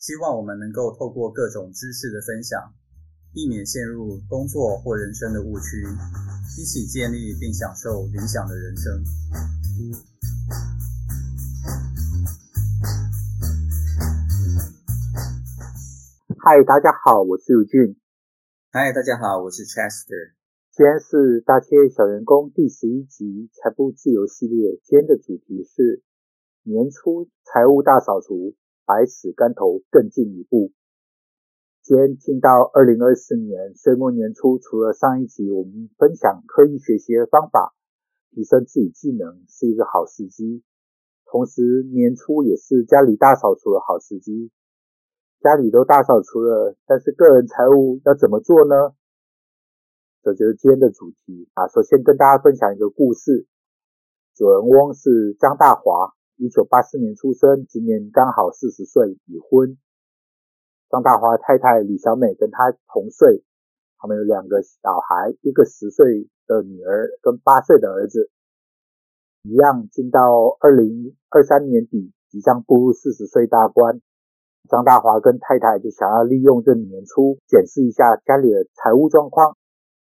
希望我們能夠透過各種知識的分享，避免陷入工作或人生的誤區，一起建立並享受理想的人生。嗨，大家好，我是尤金。嗨，大家好，我是 Chester。今天是大企業小員工第十一集財富自由系列，今天的主題是年初財務大掃除。百尺竿頭，更進一步。今天進到二零二四年歲末年初，除了上一集我們分享刻意學習的方法，提升自己技能是一個好時機，同時年初也是家裡大掃除的好時機。家裡都大掃除了，但是個人財務要怎麼做呢？這就是今天的主題啊。首先跟大家分享一個故事，主人翁是張大華。一九八四年出生，今年剛好四十歲，已婚。張大華太太李小美跟他同歲，他們有兩個小孩，一個十歲的女兒跟八歲的兒子，一樣，進到二零二三年底即將步入四十歲大關。張大華跟太太就想要利用這年初檢視一下家裡的財務狀況。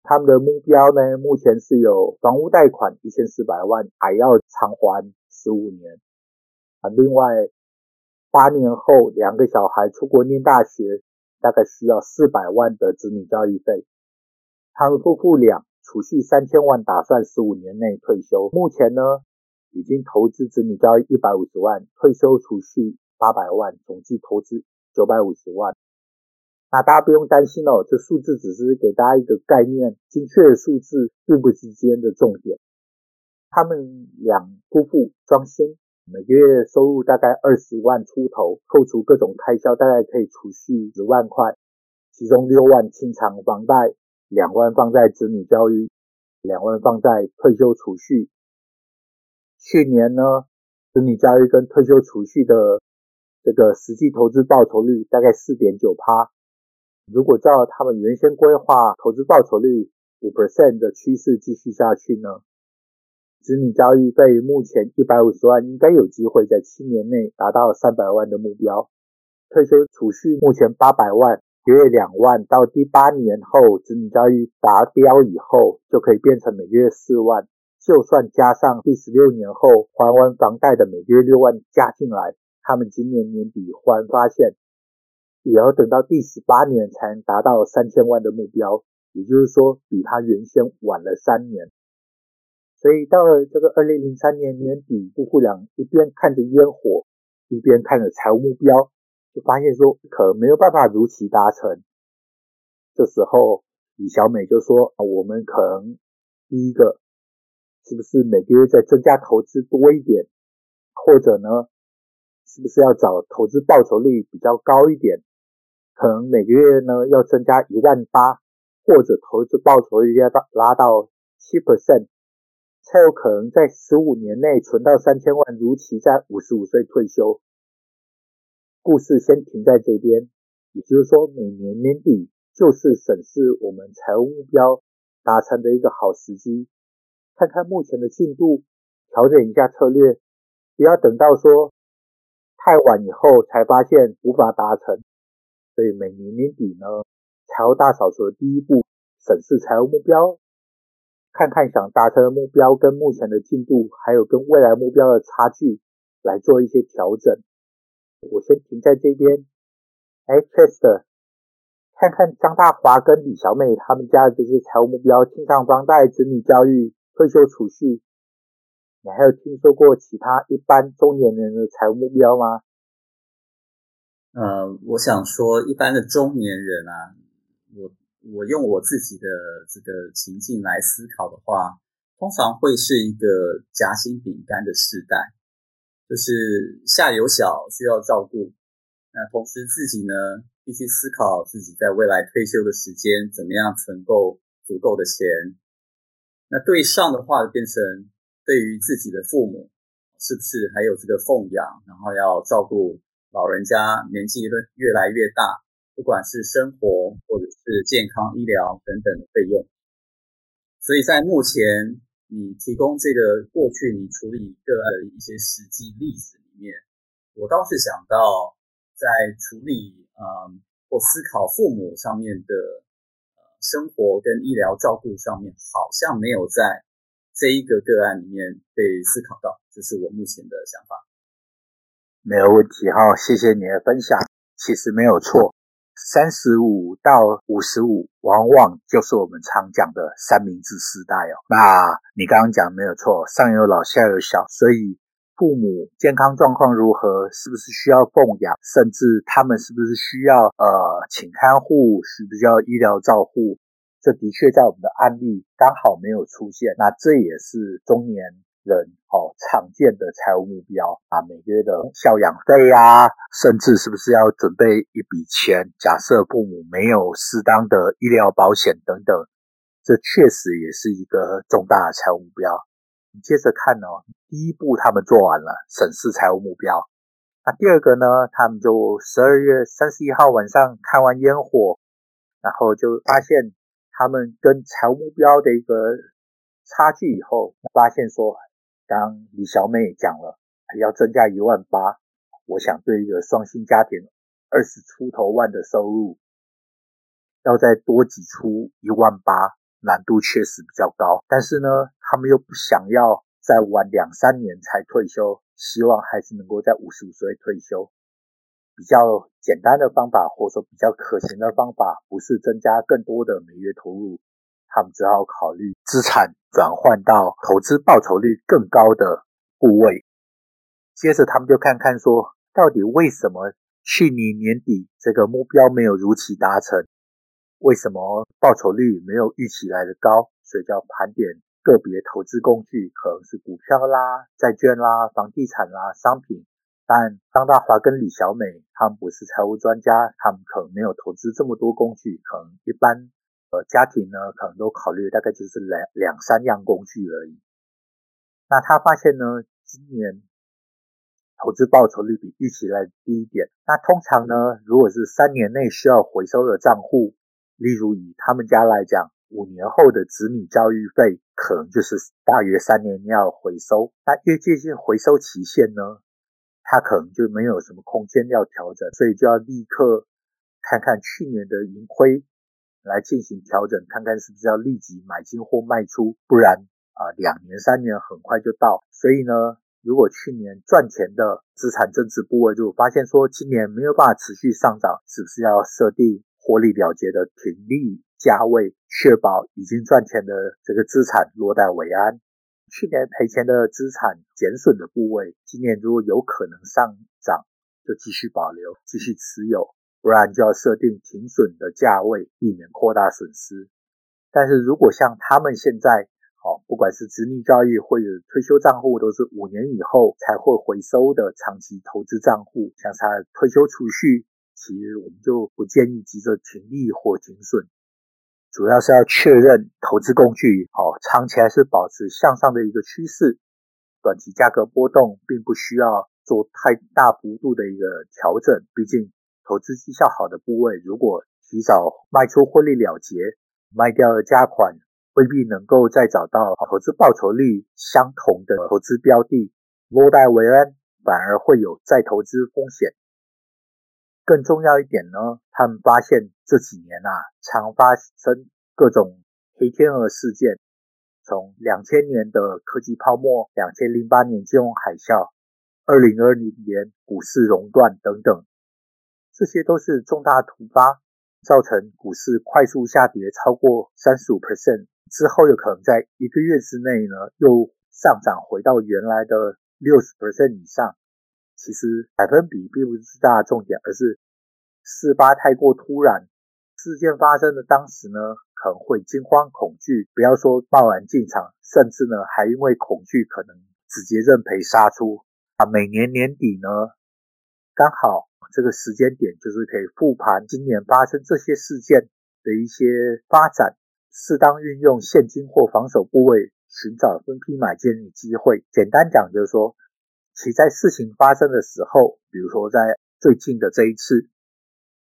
他們的目標呢，目前是有房屋貸款一千四百萬，還要償還十五年。啊，另外，八年後兩個小孩出國念大學，大概需要四百萬的子女教育費。他們夫婦倆儲蓄三千萬，打算十五年內退休。目前呢，已經投資子女教育一百五十萬，退休儲蓄八百萬，總計投資九百五十萬。那大家不用擔心哦，這數字只是給大家一個概念，精確的數字並不是今天的重點。他們倆夫婦雙薪。每個月收入大概二十萬出頭，扣除各種開銷，大概可以儲蓄十萬塊。其中六萬清償房貸，兩萬放在子女教育，兩萬放在退休儲蓄。去年呢，子女教育跟退休儲蓄的這個實際投資報酬率大概四點九趴。如果照他們原先規劃，投資報酬率五 percent 的趨勢繼續下去呢？子女教育費目前一百五十萬，應該有機會在七年內達到三百萬的目標。退休儲蓄目前八百萬，每月兩萬，到第八年後子女教育達標以後，就可以變成每月四萬。就算加上第十六年後還完房貸的每個月六萬加進來，他們今年年底忽然發現，也要等到第十八年才能達到三千萬的目標。也就是說，比他原先晚了三年。所以到了這個二零零三年年底，夫婦倆一邊看着煙火，一邊看着財務目標，就發現說可能沒有辦法如期達成。這時候李小美就說：“我們可能第一個是不是每個月再增加投資多一點，或者呢，是不是要找投資報酬率比較高一點？可能每個月呢，要增加一萬八，或者投資報酬率要到拉到七 percent。”才有可能在十五年內存到三千萬，如期在五十五歲退休。故事先停在這邊，也就是說每年年底就是審視我們財務目標達成的一個好時機，看看目前的進度，調整一下策略，不要等到說太晚以後才發現無法達成。所以每年年底呢，財務大掃除的第一步，審視財務目標。看看想達成的目標跟目前的進度，還有跟未來目標的差距，來做一些調整。我先停在這邊。哎，Chester，看看張大華跟李小美他們家的這些財務目標：清償房貸、子女教育、退休儲蓄。你還有聽說過其他一般中年人的財務目標嗎？呃，我想說，一般的中年人啊，我。我用我自己的這個情境來思考的話，通常會是一個夾心餅乾的世代，就是下有小需要照顧，那同時自己呢，必須思考自己在未來退休的時間，怎麼樣存夠足夠的錢。那對上的話的變，變成對於自己的父母，是不是還有這個奉養，然後要照顧老人家年紀會越來越大，不管是生活或者是健康醫療等等的費用，所以在目前你提供這個過去你處理個案的一些實際例子裡面，我倒是想到在處理嗯或思考父母上面的呃生活跟醫療照顧上面，好像沒有在這一個個案裡面被思考到，這、就是我目前的想法。沒有問題哈，謝謝你的分享。其實沒有錯。三十五到五十五，往往就是我們常講的三明治世代哦。那你剛剛講的沒有錯，上有老下有小，所以父母健康狀況如何，是不是需要供養，甚至他們是不是需要呃請看護，需不需要醫療照護？這的確在我們的案例剛好沒有出現。那這也是中年。人好、哦、常見的財務目標啊，每個月的贍養費呀、啊，甚至是不是要準備一筆錢？假設父母沒有適當的醫療保險等等，這確實也是一個重大的財務目標。你接着看哦，第一步他們做完了審視財務目標，那第二個呢，他們就十二月三十一號晚上看完煙火，然後就發現他們跟財務目標的一個差距以後，發現說。當李小美也講了要增加一萬八，我想對一個雙薪家庭二十出頭萬的收入，要再多擠出一萬八，難度確實比較高。但是呢，他們又不想要再晚兩三年才退休，希望還是能夠在五十五歲退休。比較簡單的方法，或者說比較可行的方法，不是增加更多的每月投入，他們只好考慮資產轉換到投資報酬率更高的部位。接着，他們就看看說，到底為什麼去年年底這個目標沒有如期達成？為什麼報酬率沒有預期來的高？所以叫盤點個別投資工具，可能是股票啦、債券啦、房地產啦、商品。但張大華跟李小美，他們不是財務專家，他們可能沒有投資這麼多工具，可能一般。呃，家庭呢，可能都考慮大概就是兩兩三樣工具而已。那他發現呢，今年投資報酬率比預期來低一點。那通常呢，如果是三年內需要回收的賬戶，例如以他們家來講，五年後的子女教育費可能就是大約三年要回收。那越接近回收期限呢，他可能就沒有什麼空間要調整，所以就要立刻看看去年的盈虧。來進行調整，看看是不是要立即買進或賣出，不然啊、呃，兩年三年很快就到。所以呢，如果去年賺錢的資產增值部位，就發現說今年沒有辦法持續上漲，是不是要設定獲利了結的停利價位，確保已經賺錢的這個資產落袋為安？去年賠錢的資產減損的部位，今年如果有可能上漲，就繼續保留，繼續持有。不然就要設定停損的價位，避免擴大損失。但是如果像他們現在，好，不管是子女教育或者退休賬戶，都是五年以後才會回收的長期投資賬戶，像他的退休儲蓄，其實我們就不建議急着停利或停損，主要是要確認投資工具好長期還是保持向上的一個趨勢，短期價格波動並不需要做太大幅度的一個調整，畢竟。投資績效好的部位，如果提早賣出獲利了結，賣掉的價款，未必能夠再找到投資報酬率相同的投資標的，落袋為安，而反而會有再投資風險。更重要一點呢，他們發現這幾年啊，常發生各種黑天鵝事件，從兩千年的科技泡沫、兩千零八年金融海嘯、二零二零年股市熔斷等等。這些都是重大突發，造成股市快速下跌超過三十五 percent 之後，又可能在一個月之內呢，又上漲回到原來的六十 percent 以上。其實百分比並不是大的重點，而是事發太過突然，事件發生的當時呢，可能會驚慌恐懼，不要說貿然進場，甚至呢還因為恐懼可能直接認賠殺出啊。每年年底呢。剛好這個時間點就是可以復盤今年發生這些事件的一些發展，適當運用現金或防守部位，尋找分批買進的機會。簡單講就是說，其在事情發生的時候，比如說在最近的這一次，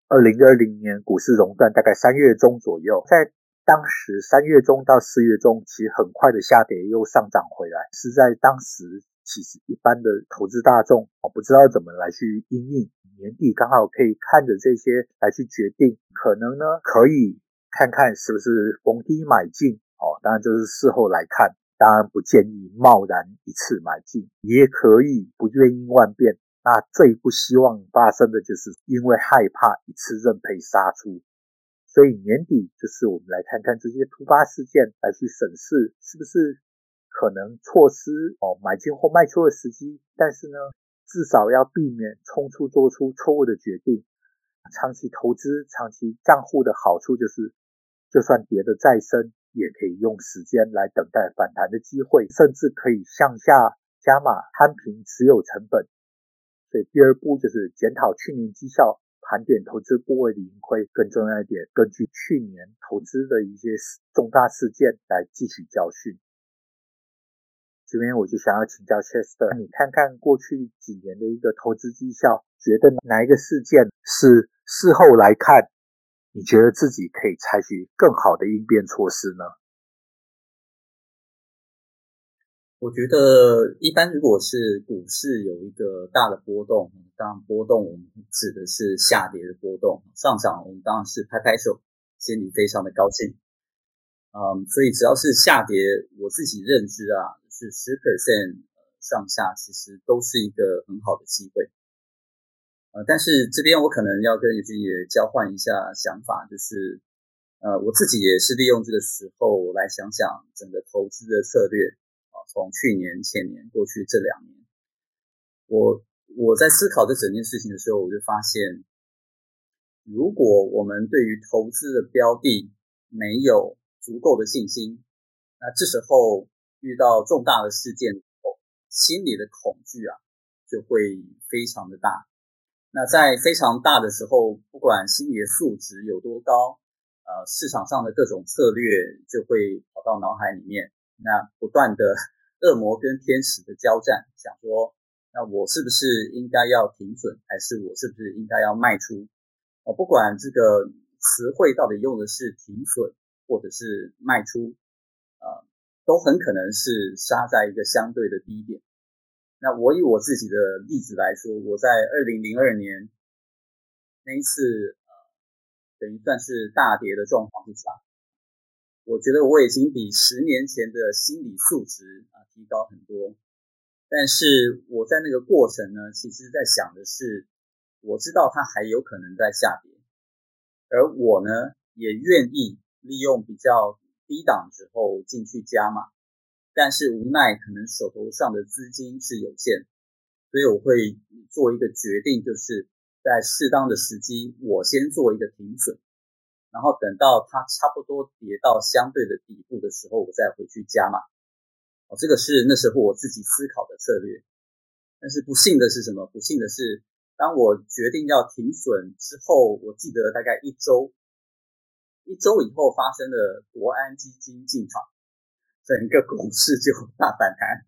二零二零年股市熔斷，大概三月中左右，在當時三月中到四月中，其實很快的下跌又上漲回來，是在當時。其實一般的投資大眾我不知道怎麼來去因應，年底剛好可以看着這些來去決定，可能呢可以看看是不是逢低買進哦。當然這是事後來看，當然不建議貿然一次買進，也可以不願意萬變。那最不希望發生的就是因為害怕一次認賠殺出，所以年底就是我們來看看這些突發事件來去審視是不是。可能錯失哦，買進或賣出的時機，但是呢，至少要避免衝出做出錯誤的決定。長期投資、長期賬戶的好處就是，就算跌得再深，也可以用時間來等待反彈的機會，甚至可以向下加碼攤平持有成本。所以第二步就是檢討去年績效，盤點投資部位的盈虧。更重要一點，根據去年投資的一些重大事件來汲取教訓。這邊我就想要請教 Chester，你看看過去幾年的一個投資績效，覺得哪一個事件是事後來看，你覺得自己可以採取更好的應變措施呢？我覺得一般如果是股市有一個大的波動，當然波動我們指的是下跌的波動，上漲我們當然是拍拍手，心裡非常的高興。嗯，所以只要是下跌，我自己認知啊。是十 percent 上下，其實都是一個很好的機會，呃，但是這邊我可能要跟尤金也交換一下想法，就是，呃，我自己也是利用這個時候來想想整個投資的策略，呃，從去年、前年過去這兩年，我我在思考這整件事情的時候，我就發現，如果我們對於投資的標的沒有足夠的信心，那這時候。遇到重大的事件以後，心裡的恐懼啊就會非常的大。那在非常大的時候，不管心理的素質有多高，呃，市場上的各種策略就會跑到腦海裡面，那不斷的惡魔跟天使的交戰，想說，那我是不是應該要停損，還是我是不是應該要賣出？哦、呃，不管這個詞彙到底用的是停損或者是賣出。都很可能是殺在一個相對的低點。那我以我自己的例子來說，我在二零零二年那一次，呃，等於算是大跌的狀況之下，我覺得我已經比十年前的心理素質啊提高很多。但是我在那個過程呢，其實在想的是，我知道它還有可能在下跌，而我呢也願意利用比較。低檔之後進去加碼，但是無奈可能手頭上的資金是有限的，所以我會做一個決定，就是在適當的時機我先做一個停損，然後等到它差不多跌到相對的底部的時候，我再回去加碼。哦，這個是那時候我自己思考的策略。但是不幸的是什麼？不幸的是，當我決定要停損之後，我記得大概一周。一周以後發生的國安基金進場，整個股市就大反彈。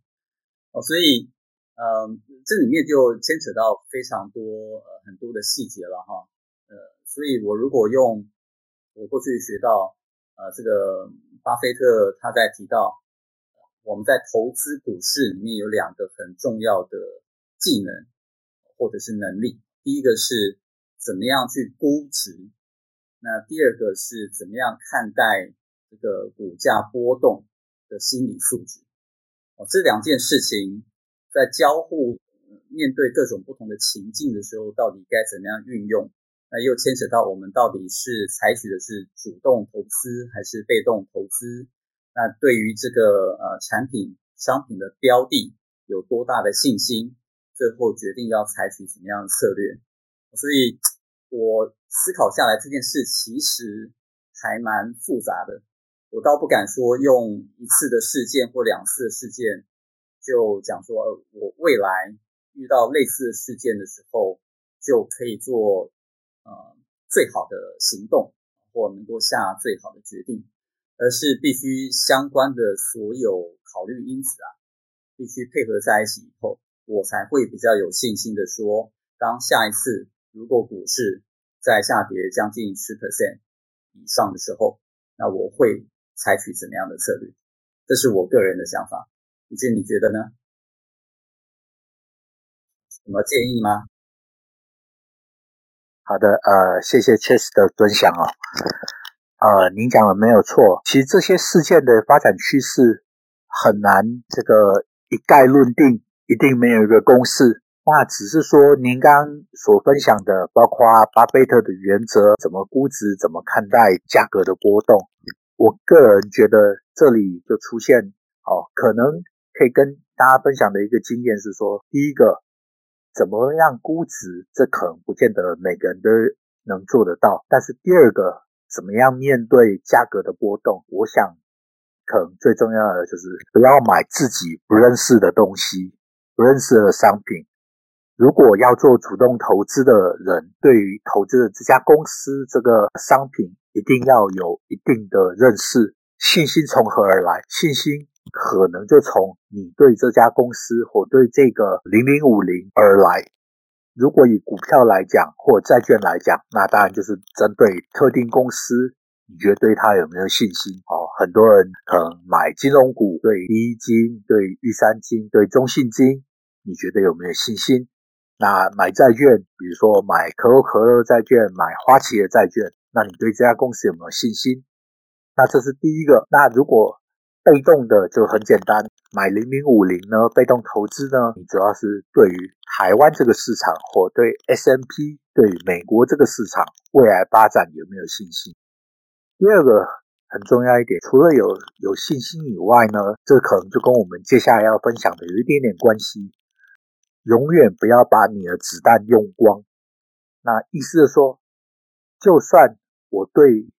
哦，所以，嗯、呃，這裡面就牽扯到非常多、呃、很多的細節了哈。呃，所以我如果用我過去學到，呃，這個巴菲特他在提到，我們在投資股市裡面有兩個很重要的技能或者是能力，第一個是怎麼樣去估值。那第二個是怎麼樣看待這個股價波動的心理素質？這兩件事情在交互面對各種不同的情境的時候，到底該怎麼樣運用？那又牽扯到我們到底是採取的是主動投資還是被動投資？那對於這個呃產品商品的標的有多大的信心？最後決定要採取怎麼樣的策略？所以。我思考下來這件事，其實還蠻複雜的。我倒不敢說用一次的事件或兩次的事件，就講說，呃，我未來遇到類似的事件的時候，就可以做，呃，最好的行動或能夠下最好的決定，而是必須相關的所有考慮因子啊，必須配合在一起以後，我才會比較有信心的說，當下一次。如果股市在下跌將近十 percent 以上的時候，那我會採取怎麼樣的策略？這是我個人的想法，Eugene 你覺得呢？什麼建議嗎？好的，呃，謝謝 Chester 的分享哦，呃，您講的沒有錯，其實這些事件的發展趨勢很難這個一概論定，一定沒有一個公式。那只是說，您剛剛所分享的，包括巴菲特的原則，怎麼估值，怎麼看待價格的波動。我個人覺得，這裡就出現哦，可能可以跟大家分享的一個經驗是說，第一個，怎麼樣估值，這可能不見得每個人都能做得到。但是第二個，怎麼樣面對價格的波動，我想，可能最重要的就是不要買自己不認識的東西，不認識的商品。如果要做主動投資的人，對於投資的這家公司、這個商品，一定要有一定的認識。信心從何而來？信心可能就從你對這家公司或對這個零零五零而來。如果以股票來講，或債券來講，那當然就是針對特定公司。你覺得對它有沒有信心？哦，很多人可能買金融股，對第一金、對第三金、對中信金，你覺得有沒有信心？那買債券，比如說買可口可樂債券、買花旗的債券，那你對這家公司有沒有信心？那這是第一個。那如果被動的就很簡單，買零零五零呢？被動投資呢？你主要是對於台灣這個市場或對 S&P、對於美國這個市場未來發展有沒有信心？第二個很重要一點，除了有有信心以外呢，這可能就跟我們接下來要分享的有一點點關係。永遠不要把你的子彈用光。那意思是說，就算我對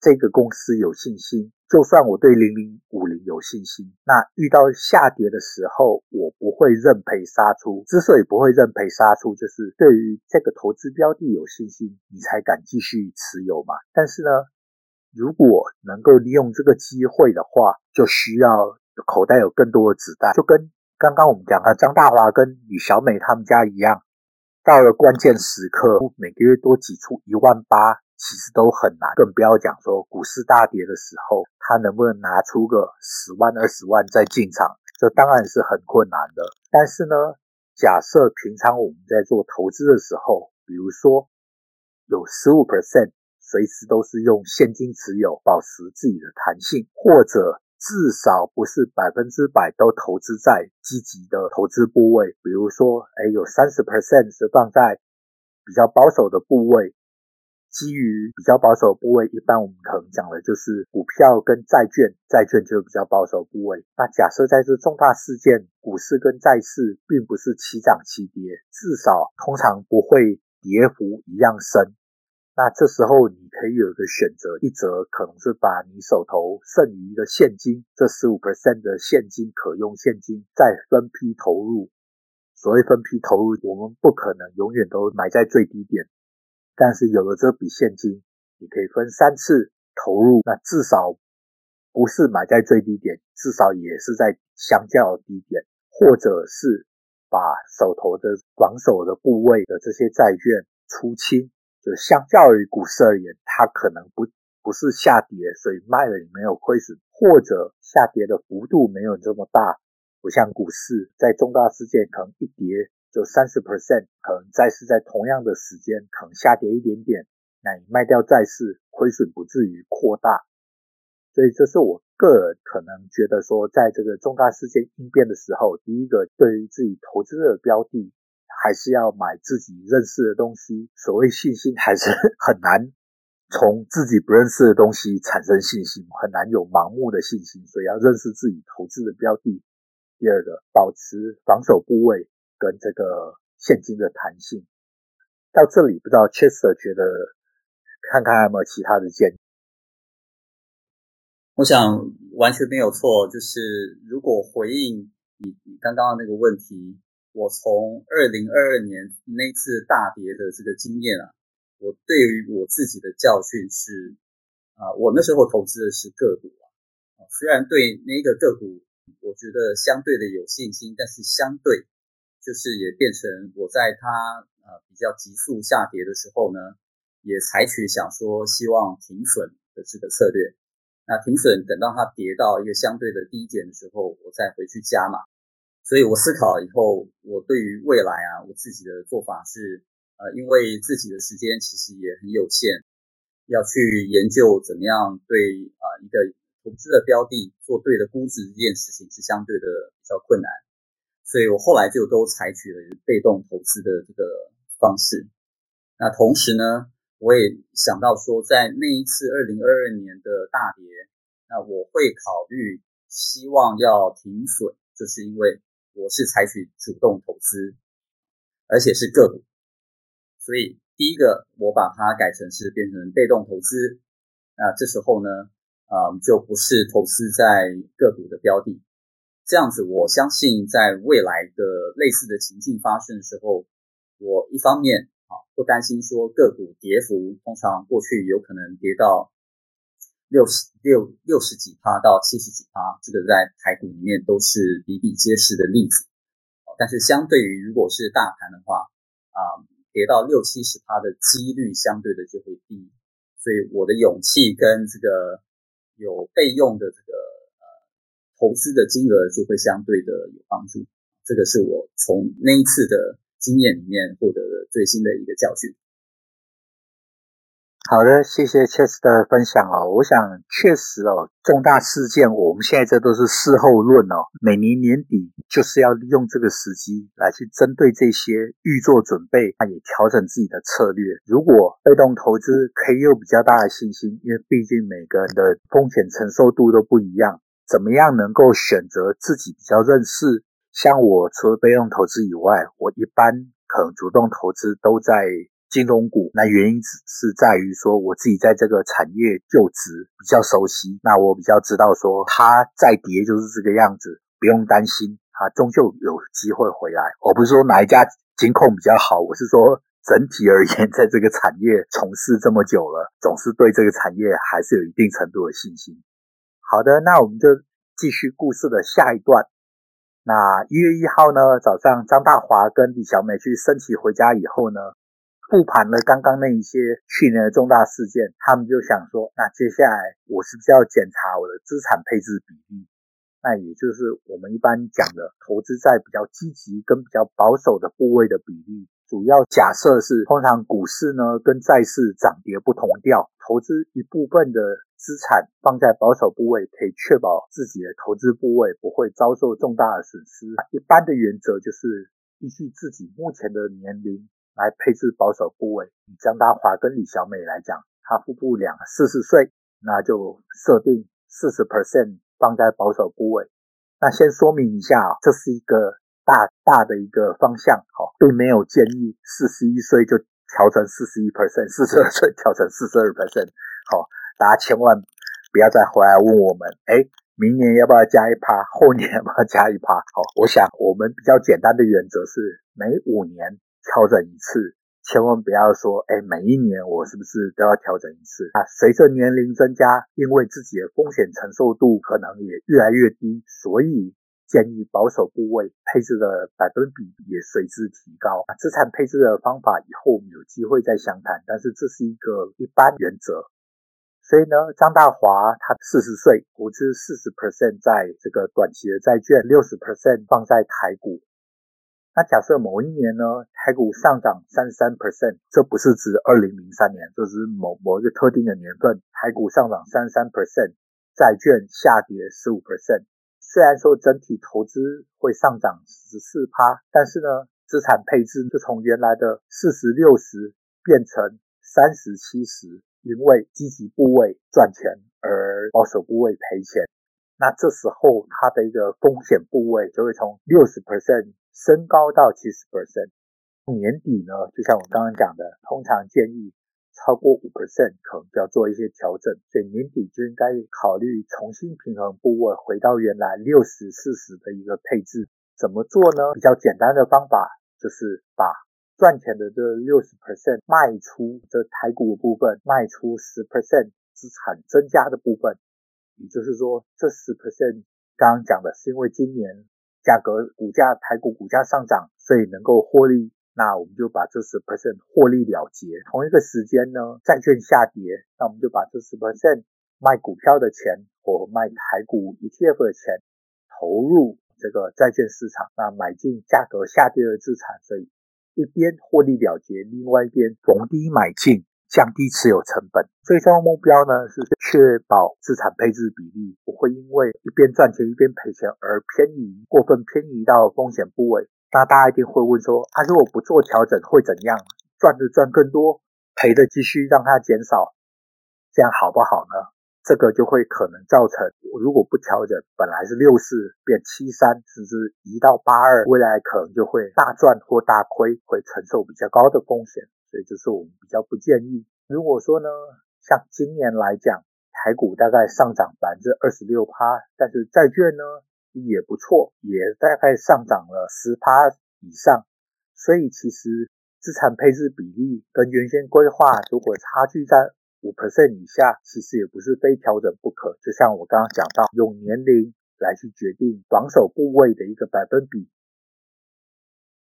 這個公司有信心，就算我對0050有信心，那遇到下跌的時候，我不會認賠殺出。之所以不會認賠殺出，就是對於這個投資標的有信心，你才敢繼續持有嘛。但是呢，如果能夠利用這個機會的話，就需要口袋有更多的子彈，就跟。剛剛我們講的，張大華跟李小美他們家一樣，到了關鍵時刻，每個月多擠出一萬八，其實都很難，更不要講說股市大跌的時候，他能不能拿出個十萬、二十萬再進場，這當然是很困難的。但是呢，假設平常我們在做投資的時候，比如說有十五 percent，隨時都是用現金持有，保持自己的彈性，或者。至少不是百分之百都投資在積極的投資部位，比如說，哎、欸，有三十 percent 是放在比較保守的部位。基於比較保守的部位，一般我們可能講的就是股票跟債券，債券就是比較保守部位。那假設在這重大事件，股市跟債市並不是齊漲齊跌，至少通常不會跌幅一樣深。那這時候你可以有一個選擇，一則可能是把你手頭剩餘的現金，這十五 percent 的現金可用現金再分批投入。所謂分批投入，我們不可能永遠都買在最低點，但是有了這筆現金，你可以分三次投入，那至少不是買在最低點，至少也是在相較低點，或者是把手頭的防守的部位的這些債券出清。就相較於股市而言，它可能不不是下跌，所以賣了也沒有虧損，或者下跌的幅度沒有這麼大。不像股市在重大事件可能一跌就三十 percent，可能債市在同樣的時間可能下跌一點點，那你賣掉債市虧損不至於擴大。所以這是我個人可能覺得說，在這個重大事件應變的時候，第一個對於自己投資者的標的。還是要買自己認識的東西，所謂信心還是很難從自己不認識的東西產生信心，很難有盲目的信心，所以要認識自己投資的標的。第二個，保持防守部位跟這個現金的彈性。到這裡，不知道 Chester 覺得，看看還有沒有其他的建議。我想完全沒有錯，就是如果回應你剛剛的那個問題。我從二零二二年那次大跌的這個經驗啊，我對於我自己的教訓是，啊，我那時候投資的是個股啊，雖然對那個個股我覺得相對的有信心，但是相對就是也變成我在它啊比較急速下跌的時候呢，也採取想說希望停損的這個策略，那停損等到它跌到一個相對的低點的時候，我再回去加碼。所以我思考了以後，我對於未來啊，我自己的做法是，呃，因為自己的時間其實也很有限，要去研究怎麼樣對啊、呃、一個投資的標的做對的估值這件事情是相對的比較困難，所以我後來就都採取了被動投資的這個方式。那同時呢，我也想到說，在那一次二零二二年的大跌，那我會考慮希望要停損，就是因為。我是採取主動投資，而且是個股，所以第一個我把它改成是變成被動投資，那這時候呢，啊，呃，就不是投資在個股的標的，這樣子我相信在未來的類似的情境發生的時候，我一方面啊不擔心說個股跌幅通常過去有可能跌到。六十六六十幾趴到七十幾趴，這個在台股裡面都是比比皆是的例子。但是相對於如果是大盤的話，啊、嗯，跌到六七十趴的幾率相對的就會低，所以我的勇氣跟這個有備用的這個呃投資的金額就會相對的有幫助。這個是我從那一次的經驗裡面獲得的最新的一個教訓。好的，謝謝 Chester 的分享哦。我想確實哦，重大事件我們現在這都是事後論哦。每年年底就是要利用這個時機來去針對這些預做準備，那也調整自己的策略。如果被動投資可以有比較大的信心，因為畢竟每個人的風險承受度都不一樣，怎麼樣能夠選擇自己比較認識？像我除了被動投資以外，我一般可能主動投資都在。金融股，那原因只是在於說我自己在這個產業就職，比較熟悉，那我比較知道說它再跌就是這個樣子，不用擔心，啊，終究有機會回來。我不是說哪一家金控比較好，我是說整體而言，在這個產業從事這麼久了，總是對這個產業還是有一定程度的信心。好的，那我們就繼續故事的下一段。那一月一號呢，早上張大華跟李小美去升旗回家以後呢。復盤了剛剛那一些去年的重大事件，他們就想說，那接下來我是不是要檢查我的資產配置比例？那也就是我們一般講的投資在比較積極跟比較保守的部位的比例，主要假設是通常股市呢跟債市漲跌不同調，投資一部分的資產放在保守部位，可以確保自己的投資部位不會遭受重大的損失。一般的原則就是依據自己目前的年齡，來配置保守部位，以張大華跟李小美來講，他夫婦兩四十歲，那就設定四十 percent 放在保守部位。那先說明一下，這是一個大大的一個方向，好，並沒有建議四十一歲就調成四十一 percent，四十二歲調成四十二 percent。好，大家千萬不要再回來問我們，哎，明年要不要加一趴，後年要不要加一趴。好，我想我們比較簡單的原則是每五年。調整一次，千萬不要說，誒、哎、每一年我是不是都要調整一次？啊，隨着年齡增加，因為自己的風險承受度可能也越來越低，所以建議保守部位配置的百分比也隨之提高。啊、資產配置的方法以後有機會再詳談，但是這是一個一般原則。所以呢，張大華他四十歲，投資四十 percent 在這個短期的債券，六十 percent 放在台股。那假設某一年呢，台股上漲三十三 percent，這不是指二零零三年，這、就是某某一個特定的年份，台股上漲三十三 percent，債券下跌十五 percent。雖然說整體投資會上漲十四趴，但是呢，資產配置就從原來的四十六十變成三十七十，因為積極部位賺錢，而保守部位賠錢。那這時候它的一個風險部位就會從六十 percent 升高到七十 percent。年底呢，就像我剛剛講的，通常建議超過五 percent 可能就要做一些調整，所以年底就應該考慮重新平衡部位，回到原來六十四十的一個配置。怎麼做呢？比較簡單的方法就是把賺錢的這六十 percent 賣出，這台股的部分賣出十 percent 資產增加的部分。也就是說，這十 percent 剛剛講的是因為今年價格、股價、台股股價上漲，所以能夠獲利，那我們就把這十 percent 獲利了結。同一個時間呢，債券下跌，那我們就把這十 percent 賣股票的錢或賣台股 ETF 的錢，投入這個債券市場，那買進價格下跌的資產，所以一邊獲利了結，另外一邊逢低買進。降低持有成本，最終目標呢是確保資產配置比例不會因為一邊賺錢一邊賠錢而偏移，過分偏移到風險部位。那大家一定會問說，啊，如果不做調整會怎樣？賺的賺更多，賠的繼續讓它減少，這樣好不好呢？這個就會可能造成，如果不調整，本來是六四變七三，甚至一到八二，未來可能就會大賺或大虧，會承受比較高的風險，所以這是我們比較不建議。如果說呢，像今年來講，台股大概上漲百分之二十六趴，但是債券呢也不錯，也大概上漲了十趴以上，所以其實資產配置比例跟原先規劃如果差距在五 percent 以下其實也不是非調整不可，就像我剛剛講到，用年齡來去決定防守部位的一個百分比，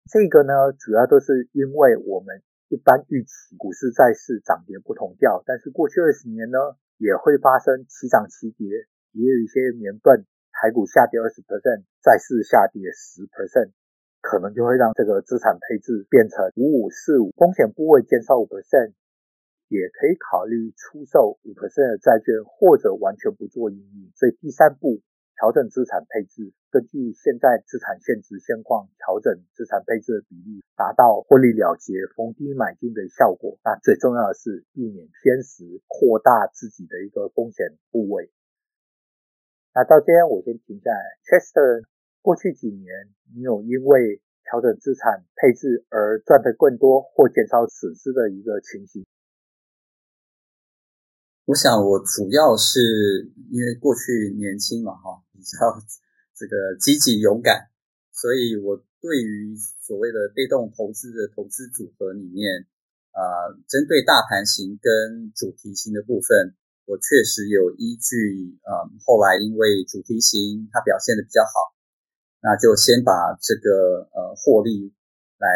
這個呢主要都是因為我們一般預期股市、債市漲跌不同調，但是過去二十年呢也會發生齊漲齊跌，也有一些年份台股下跌二十 percent，債市下跌十 percent，可能就會讓這個資產配置變成五五四五，風險部位減少五 percent。也可以考慮出售五%的債券，或者完全不做營運。所以第三步，調整資產配置，根據現在資產現值現況調整資產配置的比例，達到獲利了結、逢低買進的效果。那最重要的是避免偏食，擴大自己的一個風險部位。那到今天，我先停下來，Chester，過去幾年，你有因為調整資產配置而賺得更多或減少損失的一個情形？我想，我主要是因為過去年輕嘛，哈，比較這個積極勇敢，所以我對於所謂的被動投資的投資組合裡面，呃，針對大盤型跟主題型的部分，我確實有依據。呃，後來因為主題型它表現得比較好，那就先把這個呃獲利來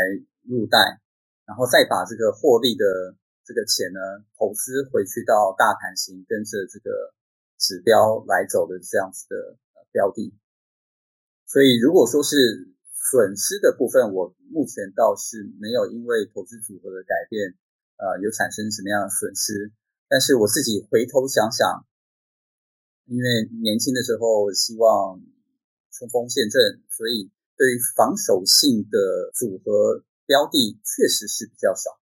入袋，然後再把這個獲利的。這個錢呢，投資回去到大盤型，跟着這個指標來走的這樣子的標的。所以如果說是損失的部分，我目前倒是沒有因為投資組合的改變，呃，有產生什麼樣的損失。但是我自己回頭想想，因為年輕的時候希望衝鋒陷陣，所以對於防守性的組合標的確實是比較少。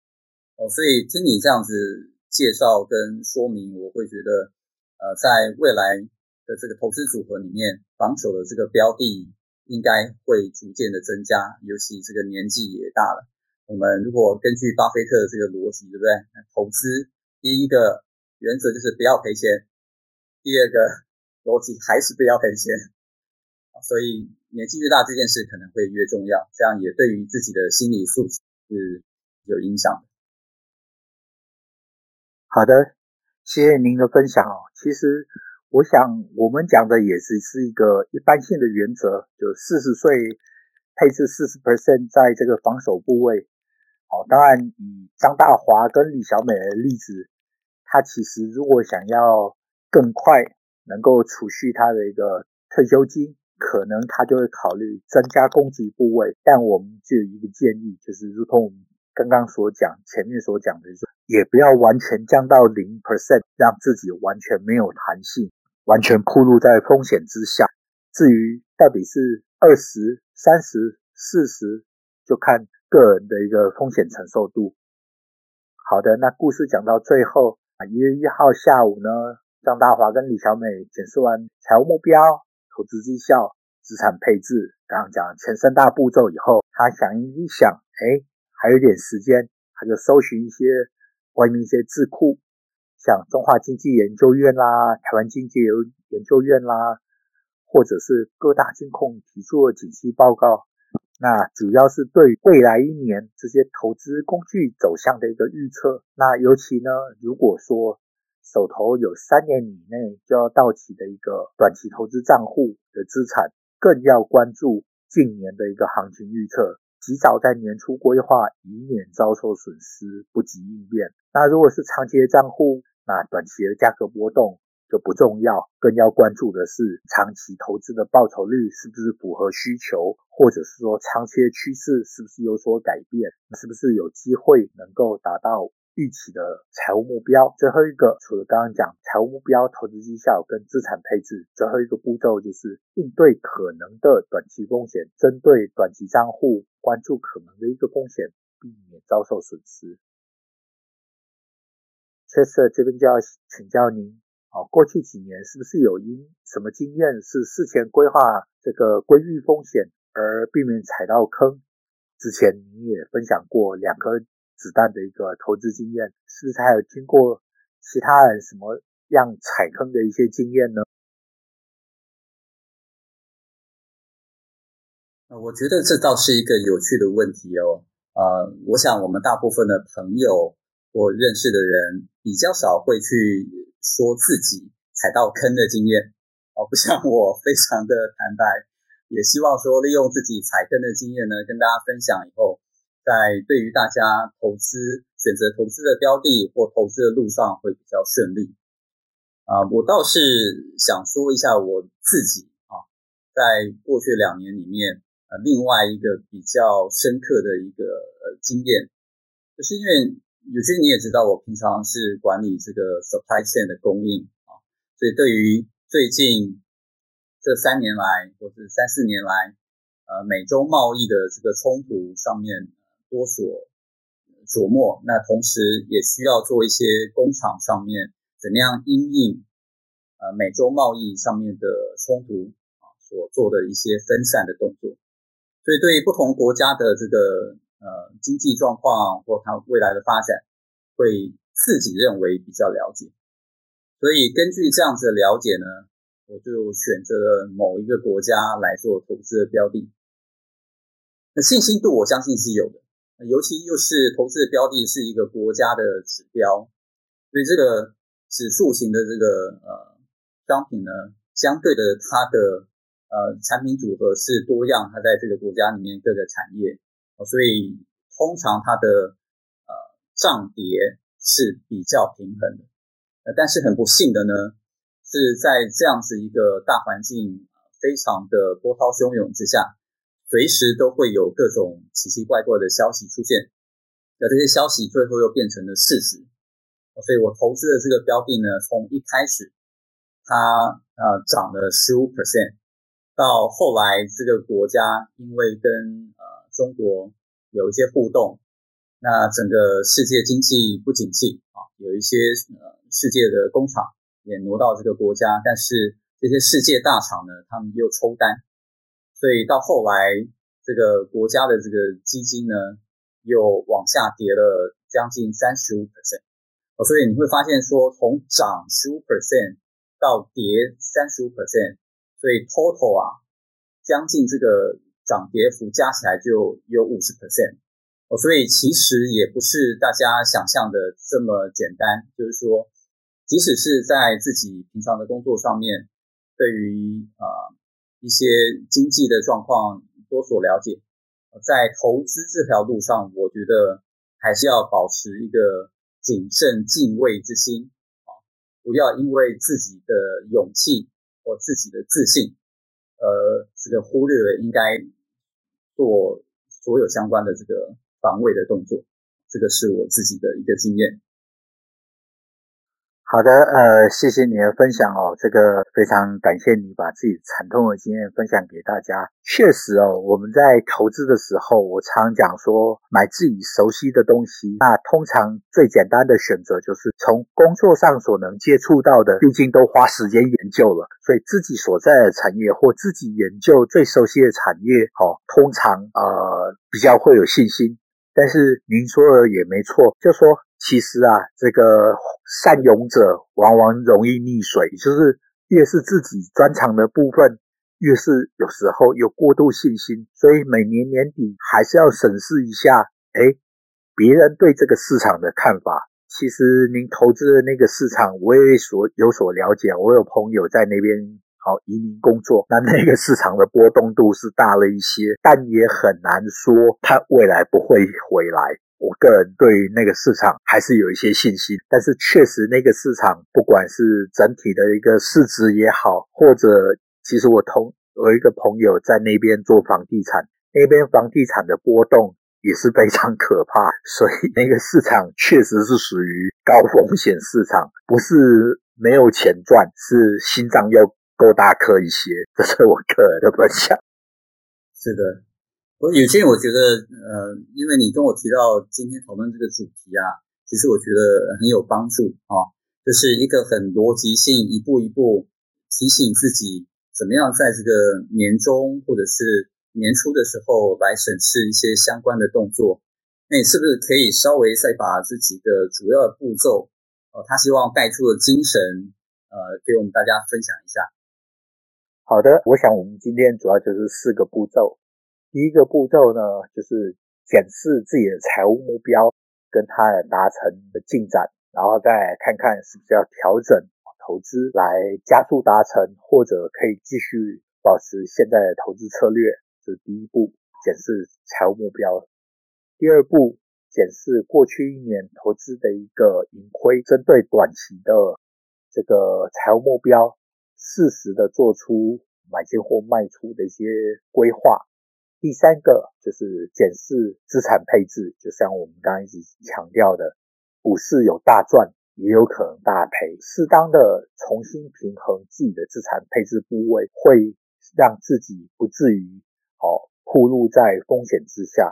所以聽你這樣子介紹跟說明，我會覺得，呃，在未來的這個投資組合裡面，防守的這個標的應該會逐漸的增加，尤其這個年紀也大了。我們如果根據巴菲特的這個邏輯，對不對？投資第一個原則就是不要賠錢，第二個邏輯還是不要賠錢。所以年紀越大這件事可能會越重要，這樣也對於自己的心理素質是有影響的。好的，謝謝您的分享哦。其實我想我們講的也只是一個一般性的原則，就四十歲配置四十 percent 在這個防守部位。好，當然以張大華跟李小美的例子，他其實如果想要更快能夠儲蓄他的一個退休金，可能他就會考慮增加攻擊部位。但我們就有一個建議，就是如同我們。剛剛所講，前面所講的，就是，也不要完全降到零 percent，讓自己完全沒有彈性，完全曝露在風險之下。至於到底是二十三十、四十，就看個人的一個風險承受度。好的，那故事講到最後啊，一月一號下午呢，張大華跟李小美檢視完財務目標、投資績效、資產配置，剛剛講了前三大步驟以後，他想一想，誒還有點時間，他就搜尋一些外面一些智庫，像中華經濟研究院啦、台灣經濟研究院啦，或者是各大金控提出的景氣報告。那主要是對未來一年這些投資工具走向的一個預測。那尤其呢，如果說手頭有三年以內就要到期的一個短期投資賬戶的資產，更要關注近年的一個行情預測。及早在年初規劃，以免遭受損失，不及應變。那如果是長期的賬戶，那短期的價格波動就不重要，更要關注的是長期投資的報酬率是不是符合需求，或者是說長期的趨勢是不是有所改變，是不是有機會能夠達到預期的財務目標。最後一個，除了剛剛講財務目標、投資績效跟資產配置，最後一個步驟就是應對可能的短期風險。針對短期賬戶，關注可能的一個風險，避免遭受損失。Chester 這邊就要請教您，哦，過去幾年是不是有因什麼經驗是事前規劃這個規避風險而避免踩到坑？之前您也分享過兩個子彈的一個投資經驗，是不是還有聽過其他人什麼樣踩坑的一些經驗呢？我覺得這倒是一個有趣的問題哦。呃，我想我們大部分的朋友或認識的人比較少會去說自己踩到坑的經驗，哦，不像我非常的坦白，也希望說利用自己踩坑的經驗呢，跟大家分享以後。在對於大家投資選擇投資的標的或投資的路上會比較順利，啊，我倒是想說一下我自己啊，在過去兩年裡面，呃、啊，另外一個比較深刻的一個呃經驗，就是因為有些你也知道，我平常是管理這個 supply chain 的供應啊，所以對於最近這三年來或是三四年來，呃、啊，美中貿易的這個衝突上面，摸索琢磨，那同時也需要做一些工廠上面怎樣因應呃美洲貿易上面的衝突啊，所做的一些分散的動作。所以對於不同國家的這個呃經濟狀況或它未來的發展，會自己認為比較了解。所以根據這樣子的了解呢，我就選擇了某一個國家來做投資的標的。那信心度我相信是有的。尤其又是投資標的是一個國家的指標，所以這個指數型的這個呃商品呢，相對的它的呃產品組合是多樣，它在這個國家裡面各個產業，所以通常它的呃漲跌是比較平衡的，呃，但是很不幸的呢，是在這樣子一個大環境非常的波濤洶湧之下。隨時都會有各種奇奇怪怪的消息出現，那這些消息最後又變成了事實，所以我投資的這個標的呢，從一開始它呃漲了15 percent，到後來這個國家因為跟呃中國有一些互動，那整個世界經濟不景氣啊，有一些呃世界的工廠也挪到這個國家，但是這些世界大廠呢，他們又抽單。所以到後來，這個國家的這個基金呢，又往下跌了將近三十五 percent，哦，所以你會發現說，從漲十五 percent 到跌三十五 percent，所以 total 啊，將近這個漲跌幅加起來就有五十 percent，哦，所以其實也不是大家想象的這麼簡單，就是說，即使是在自己平常的工作上面，對於啊。呃一些經濟的狀況多所了解，在投資這條路上，我覺得還是要保持一個謹慎敬畏之心啊，不要因為自己的勇氣或自己的自信，呃，這個忽略了應該做所有相關的這個防衛的動作，這個是我自己的一個經驗。好的，呃，謝謝你的分享哦。這個非常感謝你把自己慘痛的經驗分享給大家。確實哦，我們在投資的時候，我常講說，買自己熟悉的東西。那通常最簡單的選擇就是從工作上所能接觸到的，畢竟都花時間研究了。所以自己所在的產業或自己研究最熟悉的產業，哦，通常呃比較會有信心。但是您說的也沒錯，就說。其實啊，這個善泳者往往容易溺水，就是越是自己專長的部分，越是有時候有過度信心。所以每年年底還是要審視一下，哎，別人對這個市場的看法。其實您投資的那個市場，我也有所了解，我有朋友在那邊好移民工作，那那個市場的波動度是大了一些，但也很難說它未來不會回來。我個人對於那個市場還是有一些信心，但是確實那個市場不管是整體的一個市值也好，或者其實我同我一個朋友在那邊做房地產，那邊房地產的波動也是非常可怕，所以那個市場確實是屬於高風險市場，不是沒有錢賺，是心臟要夠大顆一些，這是我個人的觀想。是的。有些人我覺得，呃，因為你跟我提到今天討論這個主題啊，其實我覺得很有幫助啊、哦，就是一個很邏輯性，一步一步提醒自己怎麼樣在這個年終或者是年初的時候來審視一些相關的動作。那你是不是可以稍微再把自己的主要的步驟，呃、哦，他希望帶出的精神，呃，給我們大家分享一下？好的，我想我們今天主要就是四個步驟。第一個步驟呢，就是檢視自己的財務目標跟它的達成的進展，然後再來看看是不是要調整投資來加速達成，或者可以繼續保持現在的投資策略。這就是第一步，檢視財務目標。第二步檢視過去一年投資的一個盈虧，針對短期的這個財務目標，適時的做出買進或賣出的一些規劃。第三個就是檢視資產配置，就像我們剛剛一直強調的，股市有大賺，也有可能大賠。適當的重新平衡自己的資產配置部位，會讓自己不至於哦，暴露在風險之下。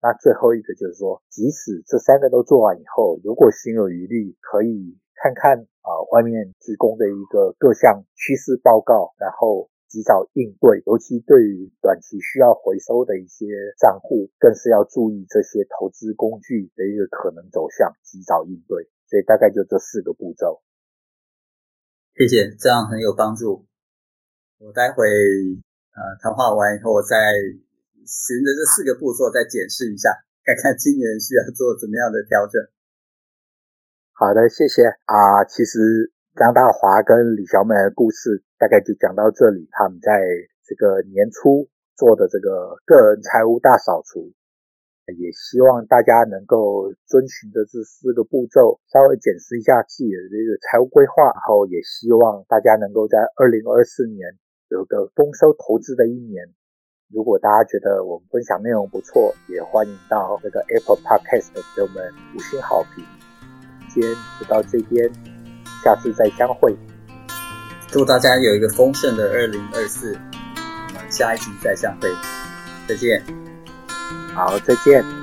那最後一個就是說，即使這三個都做完以後，如果心有餘力，可以看看啊、呃、外面提供的一個各項趨勢報告，然後。及早應對，尤其對於短期需要回收的一些賬戶，更是要注意這些投資工具的一個可能走向，及早應對。所以大概就這四個步驟。謝謝，這樣很有幫助。我待會呃，談話完以後，我再循着這四個步驟再檢視一下，看看今年需要做怎麼樣的調整。好的，謝謝啊，呃，其實。張大華跟李小美的故事大概就講到這裡。他們在這個年初做的這個個人財務大掃除，也希望大家能夠遵循着這四個步驟，稍微檢視一下自己的這個財務規劃。然後，也希望大家能夠在二零二四年有個豐收投資的一年。如果大家覺得我們分享內容不錯，也歡迎到這個 Apple Podcast 給我們五星好評。今天就到這邊。下次再相會，祝大家有一個豐盛的二零二四。我們下一集再相會，再見。好，再見。